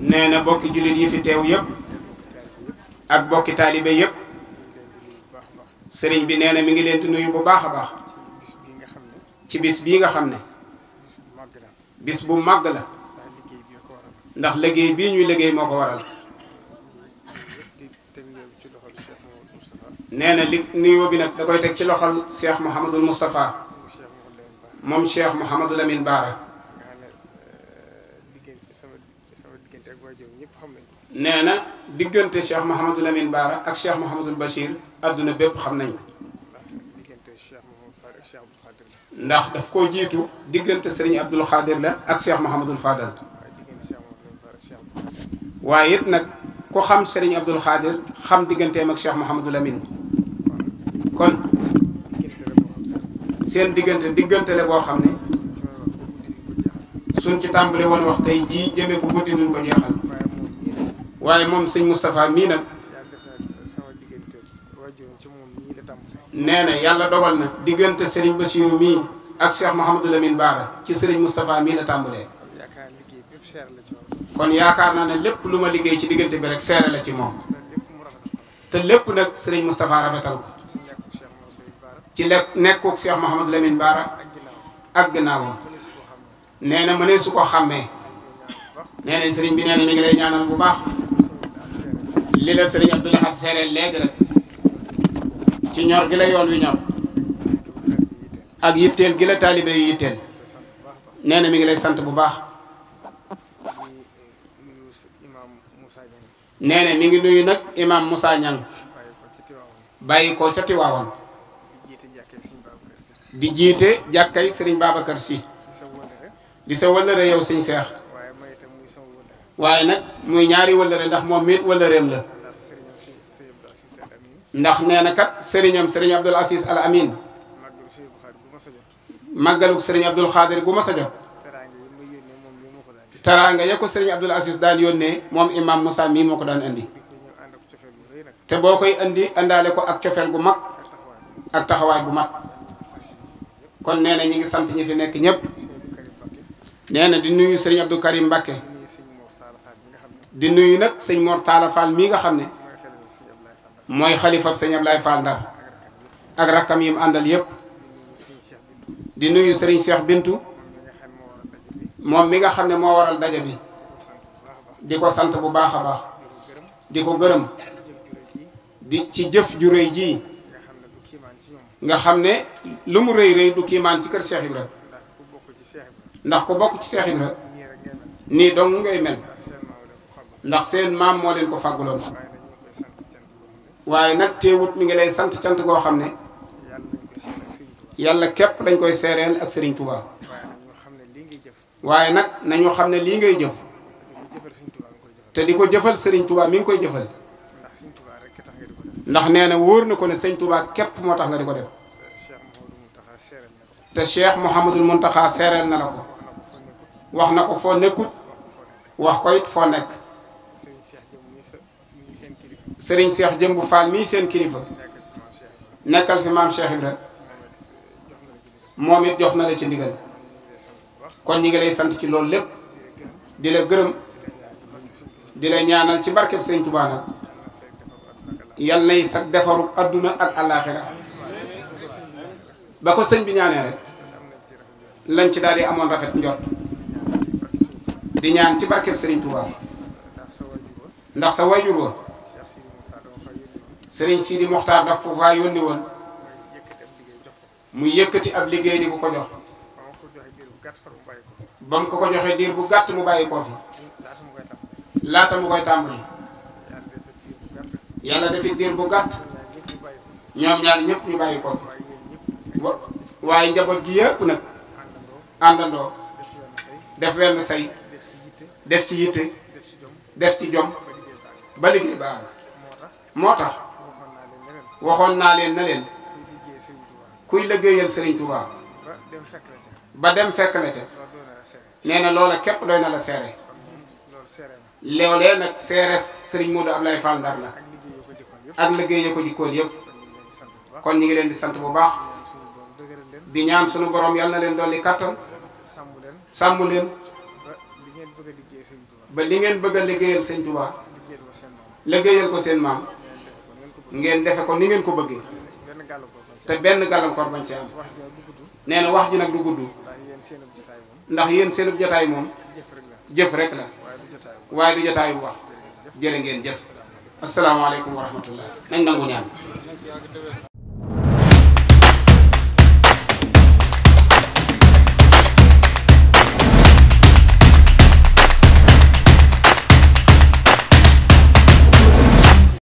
nee na bokki jullit yi fi teew yëpp ak bokki taalibe yëpp sëriñ bi nee na mi ngi leen di nuyu bu baax a baax ci bis bii nga xam ne bis bu màgg la ndax léggéey bii ñuy liggéey moo ko waral nee na li nuyoo bi nag da koy teg ci loxol Cheikh Mouhamadul Moustapha moom Cheikh Mouhamadul Amin Baara nee na diggante Cheikh Mouhamadul Amine Baara ak Cheikh Mouhamadul Bachir àdduna bépp xam nañ ko. ndax daf koo jiitu diggante sëriñ Abdul Xaadir la ak Cheikh Mouhamadul Fadal. waaye it nag ku xam sëriñ Abdul Xaadir xam digganteem ak Cheikh Mouhamadul Amine kon seen diggante diggante la boo xam ne suñ ci tàmbali woon wax tey jii jëmee ko guddi duñ ko jeexal. waaye moom sëñ Moustapha mii nag nee na yàlla dogal na diggante Serigne siiw mii ak Cheikh Mouhamadou Lamine Bara ci Serigne Moustapha mii la tàmbalee. kon yaakaar naa ne lépp lu ma liggéey ci diggante bi rek seere la ci moom te lépp nag Serigne Moustapha rafetal ko ci lekk nekkuk Cheikh Mouhamadou Lamine Bara ak gannaawam nee na mënee su ko xàmmee nee na bi nee na ngi lay ñaanal bu baax. li la sëriñ Abdou Lahad seeree rek ci ñor gi la yoon wi ñor ak yitteel gi la taalibe yu yitteel nee na mi ngi lay sant bu baax nee na mi ngi nuyu nag imaam Moussa Niang bàyyi ko ca Tiwaawoon di jiite jàkkay sëriñ Babacar Sy di sa wëllëre yow sëñ Seex waaye nag muy ñaari wëllëre ndax moom miit wëllëreem la ndax nee na kat sëriñam sëriñ Abdul Asis Al Amin màggaluk sëriñ Abdul Xaadir gu ma sa jot ya ko sëriñ Abdul Asis daan yónnee moom imam Moussa mii moo ko daan indi te boo koy indi àndaale ko ak cofeel gu mag ak taxawaay bu mag kon nee na ñi ngi sant ñi fi nekk ñëpp nee na di nuyu sëriñ Abdou Karim Mbacke di nuyu nag sëñ Mor Talla mii nga xam ne mooy xalifab sëñ Ablaye Fall Ndar ak rakkam yi mu àndal yépp di nuyu sëriñ seex Bintu moom mi nga xam ne moo waral daje bi di ko sant bu baax a baax di ko gërëm di ci jëf ju rëy ji nga xam ne lu mu rëy rëy du kiimaan ci kër Cheikh Ibra ndax ku bokk ci Cheikh Ibra nii dong ngay mel ndax seen maam moo leen ko fàgguloon waaye nag teewut mi ngi lay sant cant goo xam ne yàlla képp lañ koy seereel ak Serigne Touba waaye nag nañu xam ne lii ngay jëf te di ko jëfal sëriñ Touba mi ngi koy jëfal ndax nee na wóor na ko ne sëñ Touba képp moo tax nga di ko def te Cheikh Mouhamadul Mountakha seereel na la ko wax na ko foo nekkut wax ko it foo nekk. sëriñ Cheikh Jëmbu Fall mii seen kilifa nekkal fi maam Cheikh Ibra moom it jox na la ci ndigal kon ñi ngi sant ci loolu lépp di la gërëm di la ñaanal ci barkeb sëñ Tuubaa nag yal nay sag defaru àdduna ak àllaaxira ba ko sëñ bi ñaanee rek lañ ci daal di amoon rafet njort di ñaan ci barkeb sëriñ Tuubaa ndax sa wayjur wa sëriñ Sidi Mokhtar daf ko faa yónni woon muy yëkkati ab liggéey di ko ko jox ba mu ko ko joxee diir bu gàtt mu bàyyi koo fi laata mu koy tàmbali yàlla defi diir bu gàtt ñoom ñaar ñëpp ñu bàyyi koo fi waaye njaboot gi yëpp nag àndandoo def wenn say def ci yitte def ci jom ba liggéey ba àgg moo tax. waxoon naa leen na leen kuy liggéeyal Serigne Touba ba dem fekk na ca nee na loola képp doy na la seere loolee nag seere Serigne Modou Ablaye Fall Ndar la ak liggéey ya ko jikkoon yëpp kon ñu ngi leen di sant bu baax di ñaan suñu borom yal na leen dolli kattan sàmm leen ba li ngeen bëgg a liggéeyal Sëñ Touba liggéeyal ko seen maam. ngeen defe ko ni ngeen ko bëggee te benn gàllankoor bañ ci am nee na wax ji nag du gudd ndax yéen seenub jotaay moom jëf rek la waaye du jotaay bu wax jërë ngeen jëf asalaamaaleykum wa rahmatullah nañ nangu ñaan